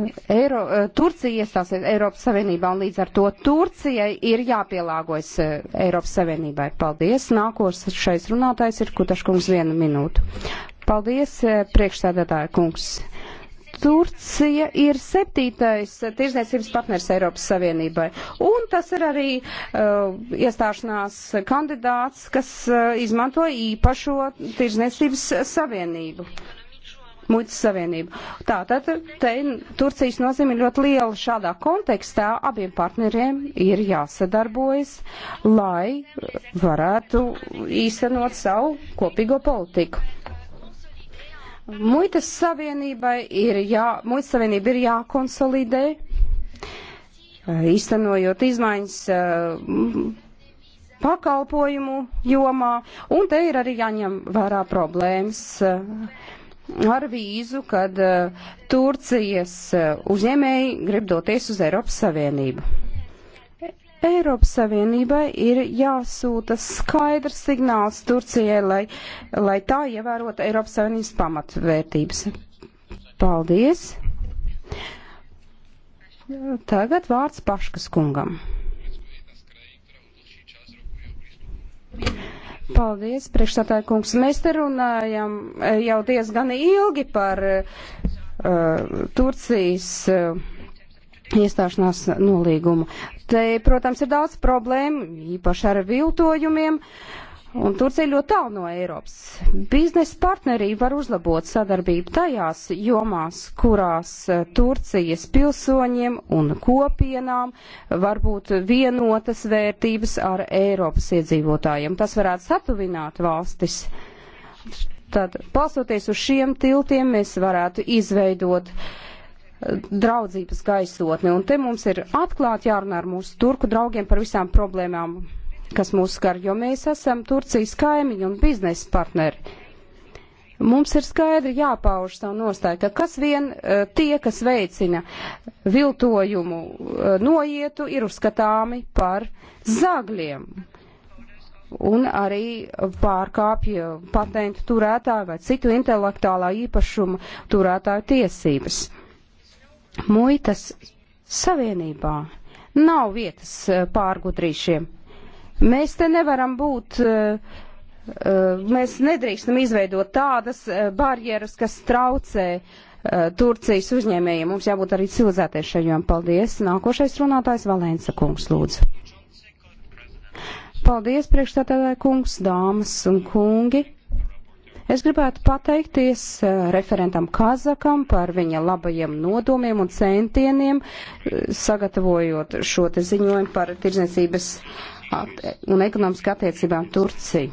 Eiro, eh, Turcija iestāsies Eiropas Savienībā un līdz ar to Turcijai ir jāpielāgojas eh, Eiropas Savienībai. Paldies. Nākošais runātājs ir Kutaškungs vienu minūtu. Paldies, eh, priekšstādātāja kungs. Turcija ir septītais tirzniecības partners Eiropas Savienībai. Un tas ir arī uh, iestāšanās kandidāts, kas uh, izmanto īpašo tirzniecības savienību. Muitas savienību. Tātad te Turcijas nozīme ir ļoti liela. Šādā kontekstā abiem partneriem ir jāsadarbojas, lai varētu īstenot savu kopīgo politiku. Muitas savienībai ir jā, muitas savienība ir jākonsolidē, eh, īstenojot izmaiņas eh, pakalpojumu jomā, un te ir arī jāņem vērā problēmas eh, ar vīzu, kad Turcijas uzņēmēji grib doties uz Eiropas Savienību. Eiropas Savienībai ir jāsūta skaidrs signāls Turcijai, lai, lai tā ievērota Eiropas Savienības pamatvērtības. Paldies! Tagad vārds Paškas kungam. Paldies, priekšstādāja kungs. Mēs te runājam eh, jau diezgan ilgi par uh, Turcijas. Uh, iestāšanās nolīgumu. Te, protams, ir daudz problēmu, īpaši ar viltojumiem. Un Turcija ļoti tālu no Eiropas. Biznesa partnerī var uzlabot sadarbību tajās jomās, kurās e, Turcijas pilsoņiem un kopienām var būt vienotas vērtības ar Eiropas iedzīvotājiem. Tas varētu satuvināt valstis. Tad, balstoties uz šiem tiltiem, mēs varētu izveidot uh, draudzības gaisotni. Un te mums ir atklāti jārunā ar mūsu turku draugiem par visām problēmām, kas mūs skar, jo mēs esam Turcijas kaimiņi un biznesa partneri. Mums ir skaidri jāpauž savu nostāju, ka kas vien uh, tie, kas veicina viltojumu uh, noietu, ir uzskatāmi par zagļiem un arī pārkāpja patentu turētāju vai citu intelektuālā īpašuma turētāju tiesības muitas savienībā nav vietas eh, pārgudrīšiem. Mēs te nevaram būt, eh, eh, mēs nedrīkstam izveidot tādas barjeras, kas traucē Turcijas uzņēmējiem. Mums jābūt arī civilizētai šajām. Paldies. Nākošais runātājs Valēnsa kungs, lūdzu. Paldies, priekšstādātāja kungs, dāmas un kungi. Es gribētu pateikties eh, referentam Kazakam par viņa labajiem nodomiem un centieniem, eh, sagatavojot šo te ziņojumu par tirdzniecības un ekonomiski attiecībām Turciju.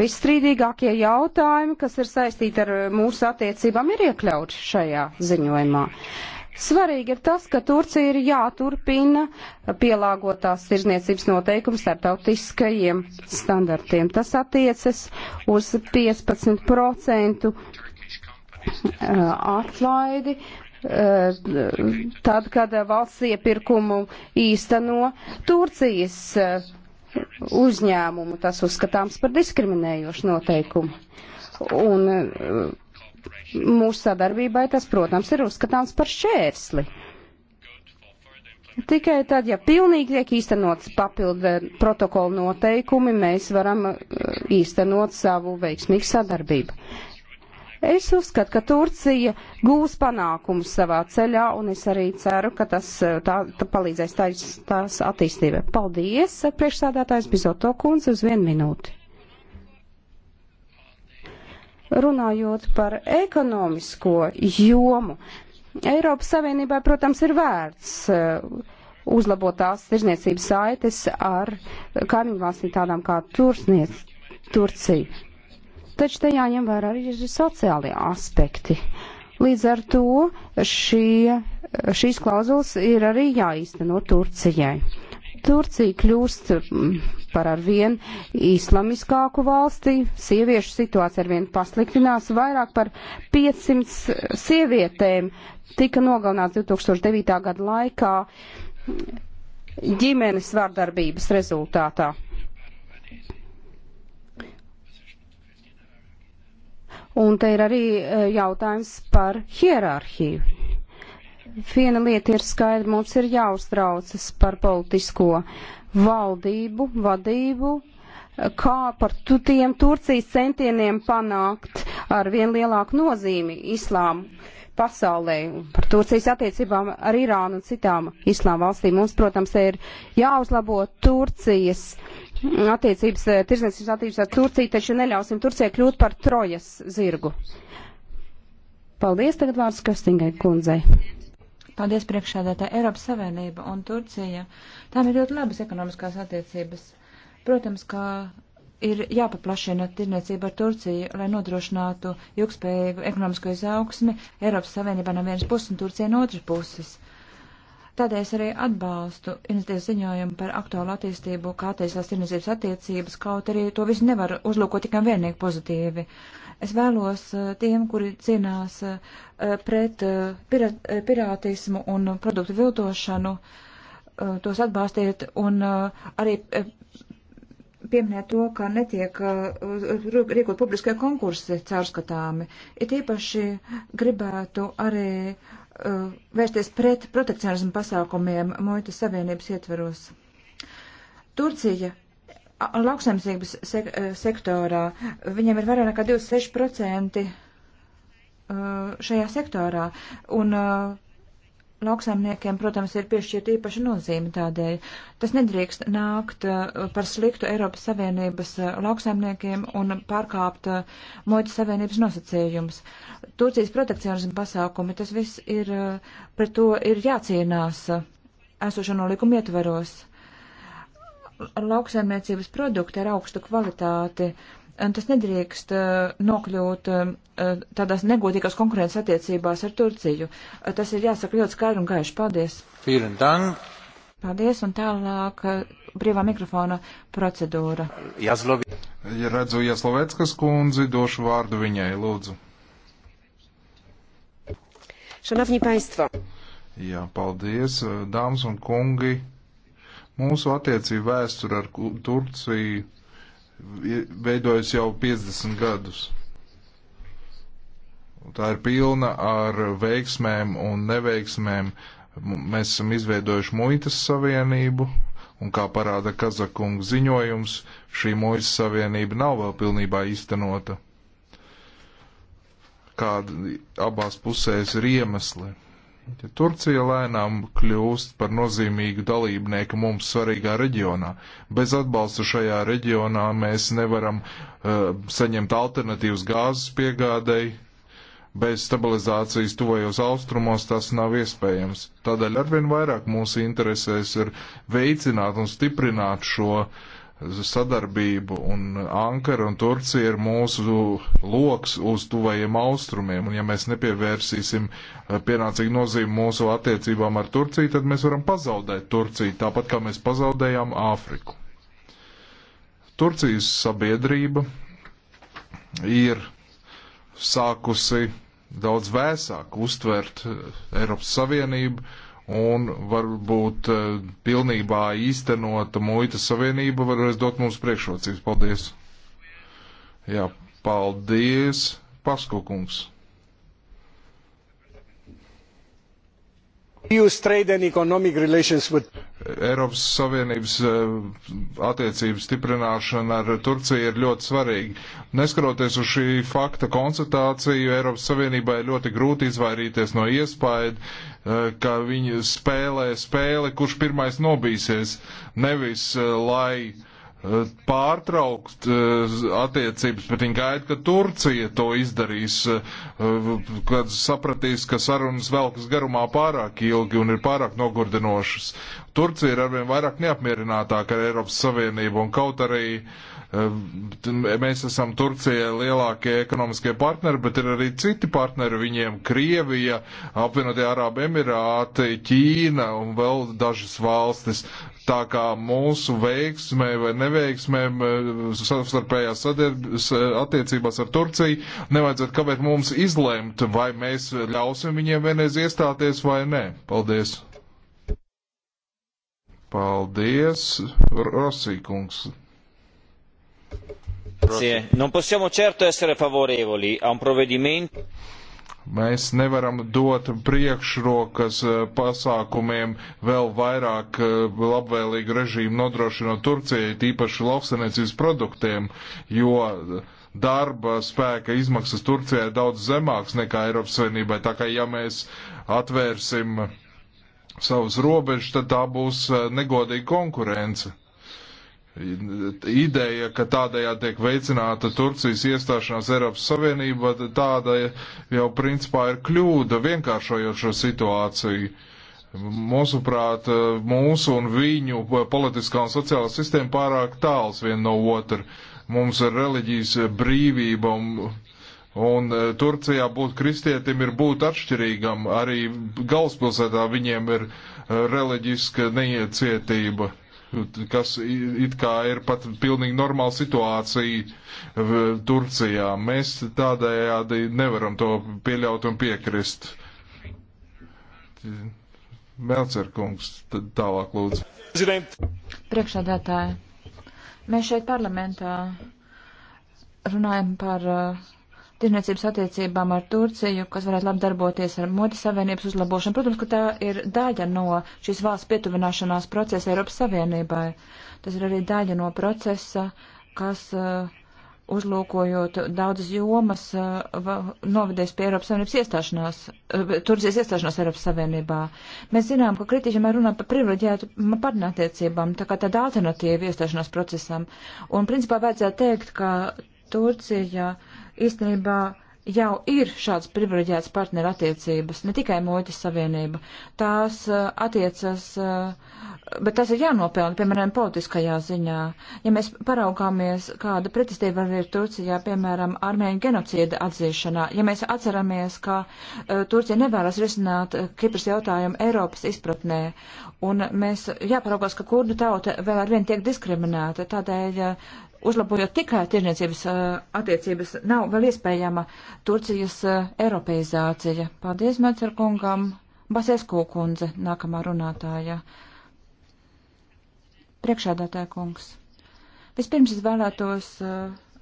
Visstrīdīgākie jautājumi, kas ir saistīti ar eh, mūsu attiecībām, ir iekļauti šajā ziņojumā. Uh, Svarīgi ir tas, ka Turcija ir jāturpina pielāgotās tirzniecības noteikumu starptautiskajiem standartiem. Tas attiecas uz 15% eh, atlaidi, eh, tad, kad valsts iepirkumu īsteno Turcijas eh, uzņēmumu. Tas uzskatāms par diskriminējošu noteikumu. Un mūsu sadarbībai tas, protams, ir uzskatāms par šķērsli. Tikai tad, ja pilnīgi tiek īstenots papildu protokola noteikumi, mēs varam uh, īstenot savu veiksmīgu sadarbību. Es uzskatu, ka Turcija gūs panākumus savā ceļā, un es arī ceru, ka tas uh, tā, tā palīdzēs tās, tās attīstībai. Paldies, priekšsādātājs Bizoto kundze, uz vienu minūti. Runājot par ekonomisko jomu, Eiropas Savienībai, protams, ir vērts eh, uzlabot tās tirzniecības saites ar kaimiņu valstīm tādām kā Tursniec, Turcija. Taču te jāņem vērā arī sociālie aspekti. Līdz ar to šie, šīs klauzulas ir arī jāīsteno Turcijai. Turcija kļūst mm, par arvien islamiskāku valsti, sieviešu situācija arvien pasliktinās, vairāk par 500 sievietēm tika nogalināts 2009. gada laikā ģimenes vārdarbības rezultātā. Un te ir arī eh, jautājums par hierarhiju viena lieta ir skaidra, mums ir jāuztraucas par politisko valdību, vadību, kā par tu tiem Turcijas centieniem panākt ar vien lielāku nozīmi islāmu pasaulē, par Turcijas attiecībām ar Irānu un citām islāma valstīm. Mums, protams, ir jāuzlabo Turcijas attiecības, eh, tirsniecības attiecības ar Turciju, taču neļausim Turcijai kļūt par trojas zirgu. Paldies tagad vārds Kastingai kundzei. Paldies priekšādātā Eiropas Savienība un Turcija. Tām ir ļoti labas ekonomiskās attiecības. Protams, ka ir jāpaplašina tirniecība ar Turciju, lai nodrošinātu ilgspējīgu ekonomisko izaugsmi Eiropas Savienībā no vienas puses un Turcija no otras puses. Tādēļ es arī atbalstu iniciatīvas ziņojumu par aktuālu attīstību, kā attīstās tirniecības attiecības, kaut arī to visu nevar uzlūkot tikai vienīgi pozitīvi. Uh, Es vēlos eh, tiem, kuri cīnās eh, pret eh, pirātismu un produktu viltošanu, tos atbalstīt un arī pieminēt to, ka netiek rīkot publiskie konkursi caurskatāmi. It īpaši gribētu arī vērsties pret protekcionismu pasākumiem muitas savienības ietveros. Turcija lauksaimniecības sek e, sektorā. Viņiem ir vairāk nekā 26% e, šajā sektorā. Un e, lauksaimniekiem, protams, ir piešķirta īpaša nozīme tādēļ. Tas nedrīkst nākt par sliktu Eiropas Savienības lauksaimniekiem un pārkāpt muitas savienības nosacījumus. Turcijas protekcionismu pasākumi, tas viss ir, pret to ir jācīnās esošo nolikumu ietvaros. Uh, lauksaimniecības produkti ar augstu kvalitāti. Tas nedrīkst eh, nokļūt eh, tādās negodīgās konkurences attiecībās ar Turciju. Eh, tas ir jāsaka ļoti skaidri un gaiši. Paldies! Paldies, un tālāk brīvā mikrofona procedūra. Jazlovi. Ja redzu Jasloveckas kundzi, došu vārdu viņai, lūdzu. Šanovņi paistvo. Jā, paldies, dāmas un kungi. Mūsu attiecību vēsture ar Turciju veidojas jau 50 gadus. Tā ir pilna ar veiksmēm un neveiksmēm. Mēs esam izveidojuši muitas savienību, un kā parāda Kazakunga ziņojums, šī muitas savienība nav vēl pilnībā iztenota. Kāda abās pusēs ir iemesli? Ja Turcija lēnām kļūst par nozīmīgu dalībnieku mums svarīgā reģionā. Bez atbalsta šajā reģionā mēs nevaram uh, saņemt alternatīvas gāzes piegādei. Bez stabilizācijas tuvajos austrumos tas nav iespējams. Tādēļ arvien vairāk mūsu interesēs ir veicināt un stiprināt šo uh, sadarbību, un Ankara un Turcija ir mūsu loks uz tuvajiem austrumiem, un ja mēs nepievērsīsim eh, pienācīgu nozīmi mūsu attiecībām ar Turciju, tad mēs varam pazaudēt Turciju, tāpat kā mēs pazaudējām Āfriku. Turcijas sabiedrība ir sākusi daudz vēsāk uztvert eh, Eiropas Savienību, un varbūt eh, pilnībā īstenota muitas savienība varēs dot mums priekšrocības. Paldies! Jā, paldies, Paskokungs! With... Eiropas Savienības eh, attiecības stiprināšana ar Turciju ir ļoti svarīga. Neskaroties uz šī fakta konstatāciju, Eiropas Savienībai ir ļoti grūti izvairīties no iespēja, eh, ka viņi spēlē spēli, kurš pirmais nobīsies, nevis eh, lai uh, pārtraukt eh, attiecības, bet viņi gaida, ka Turcija to izdarīs, eh, kad sapratīs, ka sarunas velkas garumā pārāk ilgi un ir pārāk nogurdinošas. Turcija ir arvien vairāk neapmierinātāka ar Eiropas Savienību un kaut arī uh, Ehm, mēs esam Turcijai lielākie ekonomiskie partneri, bet ir arī citi partneri viņiem - Krievija, apvienotie Arābu Emirāti, Ķīna un vēl dažas valstis. Tā kā mūsu veiksmē vai neveiksmē eh, savstarpējās attiecībās ar Turciju nevajadzētu kavēt mums izlemt, vai mēs ļausim viņiem vienreiz iestāties vai nē. Paldies! Paldies, Rosīkungs! Eh. Non possiamo certo essere favorevoli a un provvedimento. Mēs nevaram dot priekšrokas eh, pasākumiem vēl vairāk eh, labvēlīgu režīmu nodrošinot Turcijai, tīpaši lauksaimniecības produktiem, jo darba spēka izmaksas Turcijai daudz zemāks nekā Eiropas Savienībai. Tā kā ja mēs atvērsim savus robežus, tad tā būs negodīga konkurence ideja, ka tādējādi tiek veicināta Turcijas iestāšanās Eiropas Savienībā, tāda jau principā ir kļūda vienkāršojot šo situāciju. Mūsuprāt, mūsu un viņu politiskā un sociālā sistēma pārāk tāls vien no otra. Mums ir reliģijas brīvība un, un Turcijā būt kristietim ir būt atšķirīgam. Arī galvaspilsētā viņiem ir reliģiska neiecietība kas it kā ir pat pilnīgi normāla situācija Turcijā. Mēs tādējādi nevaram to pieļaut un piekrist. Melcerkungs, tad tālāk lūdzu. Priekšādātāji, mēs šeit parlamentā runājam par uh, tirniecības attiecībām ar Turciju, kas varētu labi darboties ar modas savienības uzlabošanu. Protams, ka tā ir daļa no šīs valsts pietuvināšanās procesa Eiropas Savienībai. Tas ir arī daļa no procesa, kas uh, uzlūkojot daudzas jomas, uh, novedēs pie Eiropas Savienības iestāšanās, uh, Turcijas iestāšanās Eiropas Savienībā. Mēs zinām, ka kritiķi vienmēr runā par privileģētu partnerattiecībām, tā kā tāda alternatīva iestāšanās procesam. Un principā vajadzētu teikt, ka Turcija īstenībā jau ir šāds privileģēts partneru attiecības, ne tikai muitas savienība. Tās uh, attiecas, uh, bet tas ir jānopelna, piemēram, politiskajā ziņā. Ja mēs paraugāmies, kāda pretestība ir Turcijā, piemēram, armēņu genocīda atzīšanā, ja mēs atceramies, ka uh, Turcija nevēlas risināt uh, Kipras jautājumu Eiropas izpratnē, un mēs jāparaugās, ka kurdu tauta vēl arvien tiek diskriminēta, tādēļ uh, uzlabojot tikai tirniecības attiecības, nav vēl iespējama Turcijas eiropeizācija. Paldies, Mecer kungam. Basesku kundze, nākamā runātāja. Priekšādātāja kungs. Vispirms es vēlētos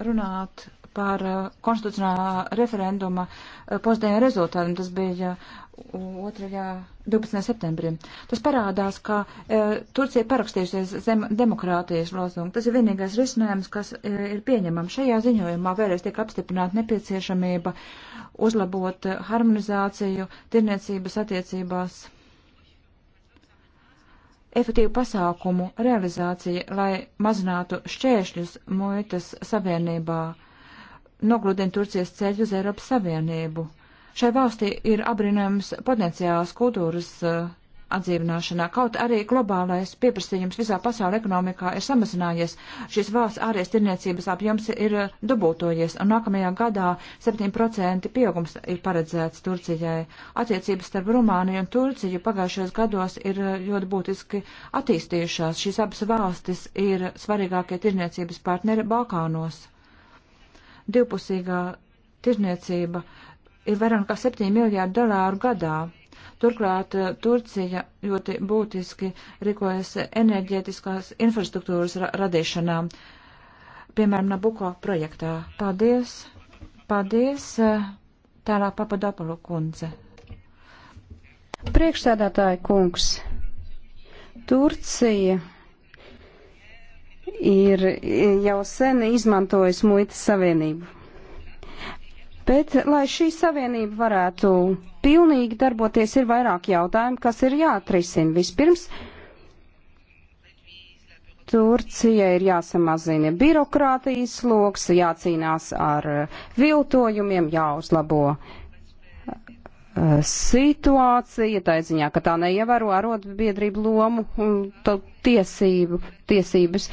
runāt par konstitucionālā referenduma pozdējiem rezultātiem. Tas bija 2. 12. septembrī. Tas parādās, ka e, Turcija parakstījusies zem demokrātijas lozungu. Tas ir vienīgais risinājums, kas e, ir pieņemams. Šajā ziņojumā vēlreiz tiek apstiprināta nepieciešamība uzlabot e, harmonizāciju tirniecības attiecībās efektīvu pasākumu realizācija, lai mazinātu šķēršļus muitas savienībā, nogludina Turcijas ceļu uz Eiropas Savienību. Šai valstī ir abrinojums potenciāls kultūras uh, atdzīvināšanā. Kaut arī globālais pieprasījums visā pasaulē ekonomikā ir samazinājies, šīs valsts ārējais tirniecības apjoms ir eh, dubultojies, un nākamajā gadā 7% pieaugums ir paredzēts Turcijai. Attiecības starp Rumāniju un Turciju pagājušajos gados ir eh, ļoti būtiski attīstījušās. Šīs abas valstis ir svarīgākie tirniecības partneri Balkānos. Divpusīgā tirniecība. Uh, ir vairāk nekā 7 miljārdu dolāru gadā. Turklāt eh, Turcija ļoti būtiski rīkojas enerģētiskās infrastruktūras ra radīšanā, piemēram, Nabuko projektā. Paldies! Paldies! Eh, tālāk Papadopalu kundze. Priekšsēdētāja kungs, Turcija ir jau sen izmantojusi muitas savienību Bet, lai šī savienība varētu pilnīgi darboties, ir vairāk jautājumu, kas ir jāatrisina. Vispirms, Turcija ir jāsamazina birokrātijas sloks, jācīnās ar viltojumiem, jāuzlabo uh, situācija, tā ziņā, ka tā neievēro arotbiedrību lomu un tiesību, tiesības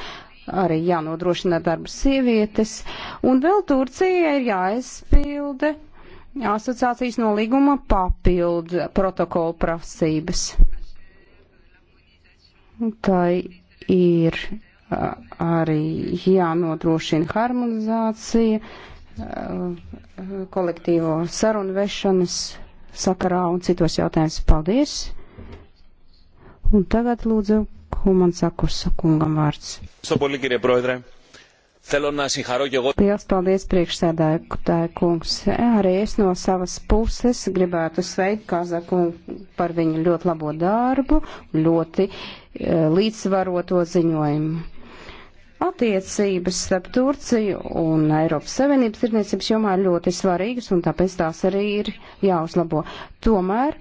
arī jānodrošina darba sievietes, un vēl Turcija ir jāizpilda asociācijas nolīguma papildu protokolu prasības. Tai ir arī jānodrošina harmonizācija kolektīvo sarunu vešanas sakarā un citos jautājumus. Paldies! Un tagad lūdzu Humansakus kungam vārds. Liels paldies priekšsēdētāju kungs. Arī es no savas puses gribētu sveikt Kazaku par viņu ļoti labo darbu, ļoti e, līdzsvaroto ziņojumu. Attiecības starp Turciju un Eiropas Savienības tirdzniecības jomā ir ļoti svarīgas, un tāpēc tās arī ir jāuzlabo. Tomēr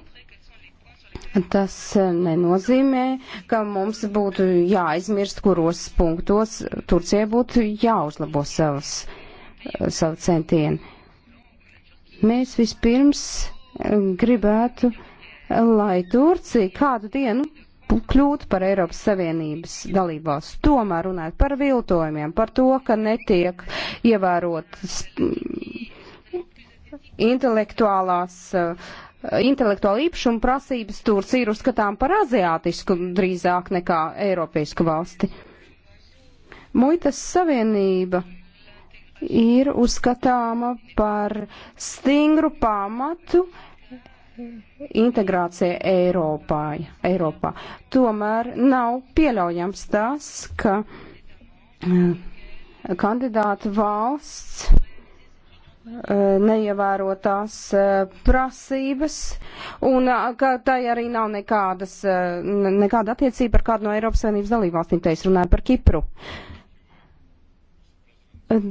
Tas eh, nenozīmē, ka mums būtu jāaizmirst, kuros punktos Turcija būtu jāuzlabo savas, eh, savu centienu. Mēs vispirms eh, gribētu, lai Turcija kādu dienu kļūt par Eiropas Savienības dalībās. Tomēr runājot par viltojumiem, par to, ka netiek ievērotas intelektuālās uh, intelektuāla īpašuma prasības Turcija ir uzskatām par aziātisku drīzāk nekā Eiropiesku valsti. Muitas savienība ir uzskatāma par stingru pamatu integrācija Eiropā. Eiropā. Tomēr nav pieļaujams tas, ka eh, kandidāta valsts Eh, neievērotās eh, prasības, un eh, ka tai arī nav nekādas, nekāda attiecība ar kādu no Eiropas Savienības dalībvalstīm, te es runāju par Kipru.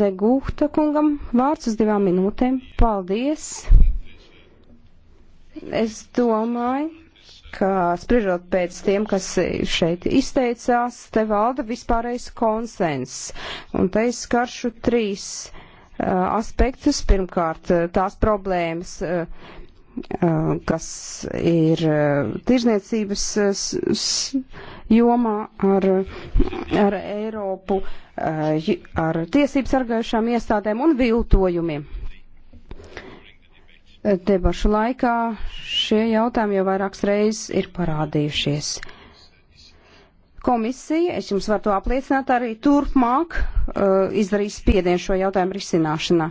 Degūta kungam vārds uz divām minūtēm. Paldies! Es domāju, ka spriežot pēc tiem, kas šeit izteicās, te valda vispārējais konsens. Un te es skaršu trīs Eh, aspektus. Pirmkārt, eh, tās problēmas, eh, kas ir tirzniecības jomā ar, ar Eiropu, ar tiesības sargājušām iestādēm un viltojumiem. Debašu laikā šie jautājumi jau vairākas reizes ir parādījušies. Uh, Komisija, es jums varu to apliecināt, arī turpmāk uh, izdarīs spiedienu šo jautājumu risināšanā.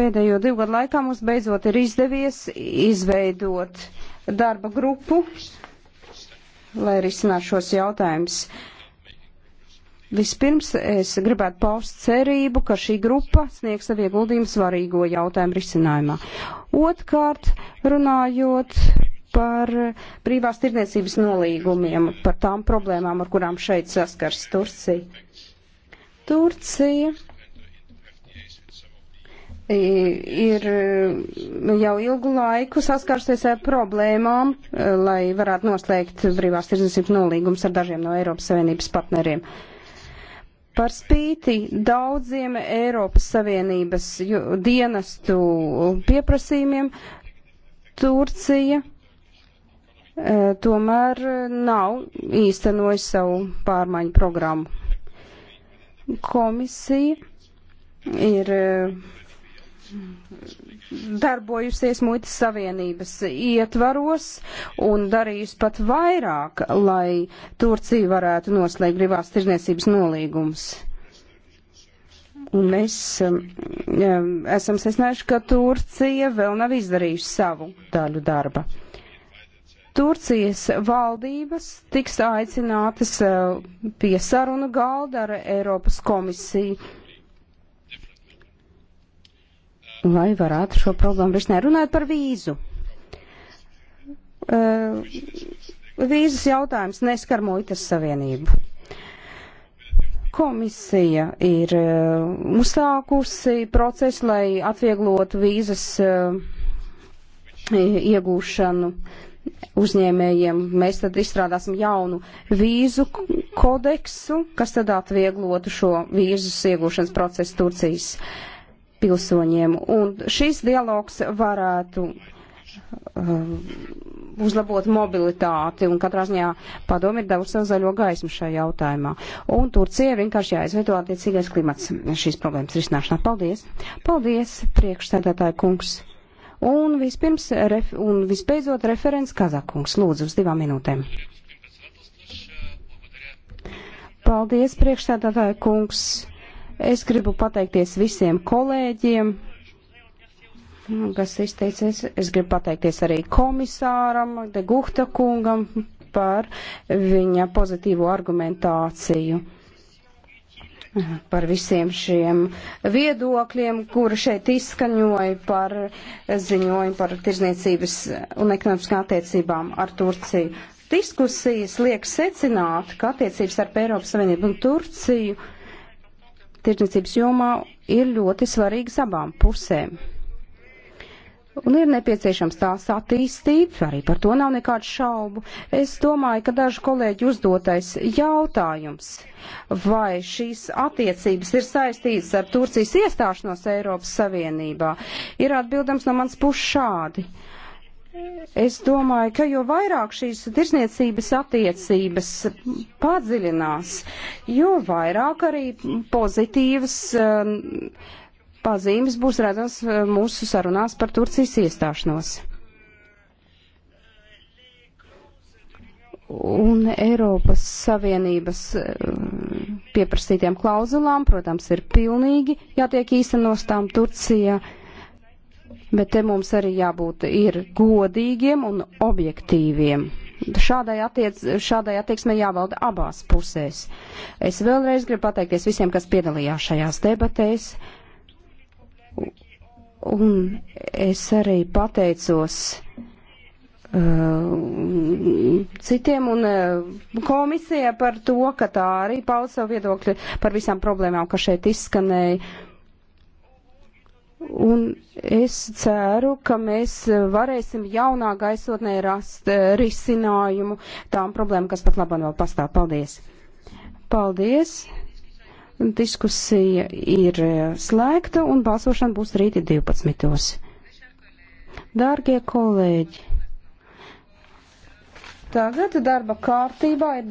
Pēdējo divu gadu laikā mums beidzot ir izdevies izveidot darba grupu, lai risinātu šos jautājumus. Vispirms es gribētu paust cerību, ka šī grupa sniegs savu ieguldījumu svarīgo jautājumu risinājumā. Otkārt, runājot par brīvās tirdzniecības nolīgumiem, par tām problēmām, ar kurām šeit saskars Turcija. Turcija ir jau ilgu laiku saskarsies ar problēmām, lai varētu noslēgt brīvās tirdzniecības nolīgums ar dažiem no Eiropas Savienības partneriem. Par spīti daudziem Eiropas Savienības dienestu pieprasījumiem, Turcija Eh, tomēr eh, nav īstenojis savu pārmaiņu programmu. Komisija ir eh, darbojusies muitas savienības ietvaros un darījusi pat vairāk, lai Turcija varētu noslēgt brīvās tirzniecības nolīgumus. Un mēs um, esam sasniegti, ka Turcija vēl nav izdarījusi savu daļu darba. Turcijas valdības tiks aicinātas eh, pie sarunu galda ar Eiropas komisiju, lai varētu šo problēmu risināt. Runājot par vīzu. Eh, vīzas jautājums neskar muitas savienību komisija ir eh, uzsākusi procesu, lai atvieglotu vīzas iegūšanu uzņēmējiem. Mēs tad izstrādāsim jaunu vīzu kodeksu, kas tad atvieglotu šo vīzu iegūšanas procesu Turcijas pilsoņiem. Un šis dialogs varētu uh, uzlabot mobilitāti un katrā ziņā padomi ir devusi savu zaļo gaismu šajā jautājumā. Un Turcija vienkārši jāizveido attiecīgais klimats šīs problēmas risināšanā. Paldies! Paldies, priekšstādātāja kungs! Un, vispirms, ref, un visbeidzot referents Kazakungs. Lūdzu, uz divām minūtēm. Paldies, priekšstādātāja kungs. Es gribu pateikties visiem kolēģiem, kas izteicies. Es gribu pateikties arī komisāram, de Guhta kungam par viņa pozitīvo argumentāciju par visiem šiem viedokļiem, kuri šeit izskaņoja par ziņojumu par tirzniecības un ekonomiskā attiecībām ar Turciju. Diskusijas liek secināt, ka attiecības ar Eiropas Savienību un Turciju tirzniecības jomā ir ļoti svarīgas abām pusēm. Un ir nepieciešams tās attīstīt, arī par to nav nekādu šaubu. Es domāju, ka daži kolēģi uzdotais jautājums, vai šīs attiecības ir saistītas ar Turcijas iestāšanos Eiropas Savienībā, ir atbildams no mans puses šādi. Es domāju, ka jo vairāk šīs tirsniecības attiecības padziļinās, jo vairāk arī pozitīvas. Uh, pazīmes būs redzams eh, mūsu sarunās par Turcijas iestāšanos. Un Eiropas Savienības eh, pieprasītiem klauzulām, protams, ir pilnīgi jātiek īstenostām Turcijā, bet te mums arī jābūt ir godīgiem un objektīviem. Šādai, attiec, šādai attieksmei jāvalda abās pusēs. Es vēlreiz gribu pateikties visiem, kas piedalījās šajās debatēs. Un es arī pateicos uh, citiem un uh, komisija par to, ka tā arī pauda savu viedokli par visām problēmām, kas šeit izskanēja. Un es ceru, ka mēs varēsim jaunā gaisotnē rast uh, risinājumu tām problēmām, kas pat labāk vēl pastāv. Paldies! Paldies! Diskusija ir e, slēgta un balsošana būs rīt 12. Dārgie kolēģi, tagad darba kārtībā ir.